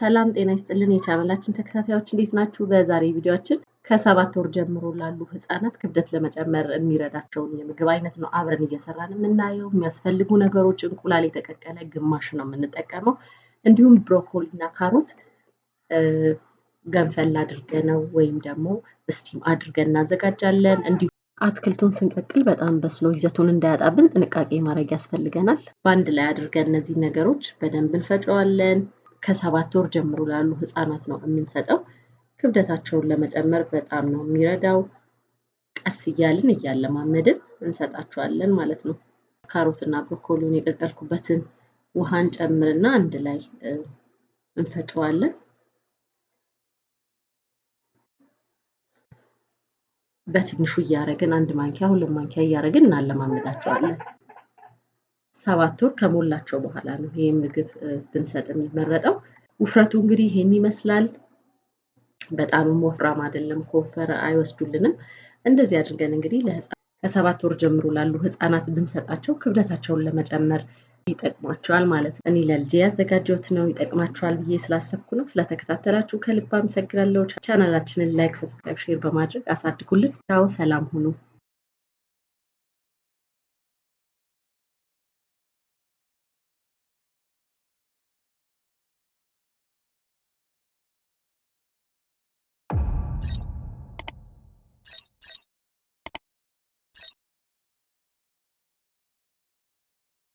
ሰላም ጤና ይስጥልን የቻናላችን ተከታታዮች እንዴት ናችሁ? በዛሬ ቪዲዮችን ከሰባት ወር ጀምሮ ላሉ ህጻናት ክብደት ለመጨመር የሚረዳቸውን የምግብ አይነት ነው አብረን እየሰራን የምናየው። የሚያስፈልጉ ነገሮች እንቁላል የተቀቀለ ግማሽ ነው የምንጠቀመው። እንዲሁም ብሮኮሊ እና ካሮት ገንፈል አድርገነው ወይም ደግሞ እስቲም አድርገን እናዘጋጃለን። እንዲሁም አትክልቱን ስንቀቅል በጣም በስሎ ይዘቱን እንዳያጣብን ጥንቃቄ ማድረግ ያስፈልገናል። በአንድ ላይ አድርገን እነዚህ ነገሮች በደንብ እንፈጨዋለን። ከሰባት ወር ጀምሮ ላሉ ህፃናት ነው የምንሰጠው። ክብደታቸውን ለመጨመር በጣም ነው የሚረዳው። ቀስ እያልን እያለማመድን እንሰጣቸዋለን ማለት ነው። ካሮትና ብሮኮሊን የቀቀልኩበትን ውሃን ጨምርና አንድ ላይ እንፈጨዋለን። በትንሹ እያረግን አንድ ማንኪያ ሁለት ማንኪያ እያረግን እናለማመዳቸዋለን። ሰባት ወር ከሞላቸው በኋላ ነው ይህ ምግብ ብንሰጥ የሚመረጠው። ውፍረቱ እንግዲህ ይህን ይመስላል። በጣምም ወፍራም አይደለም፣ ከወፈረ አይወስዱልንም። እንደዚህ አድርገን እንግዲህ ከሰባት ወር ጀምሮ ላሉ ህፃናት ብንሰጣቸው ክብደታቸውን ለመጨመር ይጠቅማቸዋል ማለት ነው። እኔ ለልጄ ያዘጋጀሁት ነው። ይጠቅማቸዋል ብዬ ስላሰብኩ ነው። ስለተከታተላችሁ ከልብ አመሰግናለሁ። ቻናላችንን ላይክ፣ ሰብስክራይብ፣ ሼር በማድረግ አሳድጉልን። ቻው፣ ሰላም ሁኑ።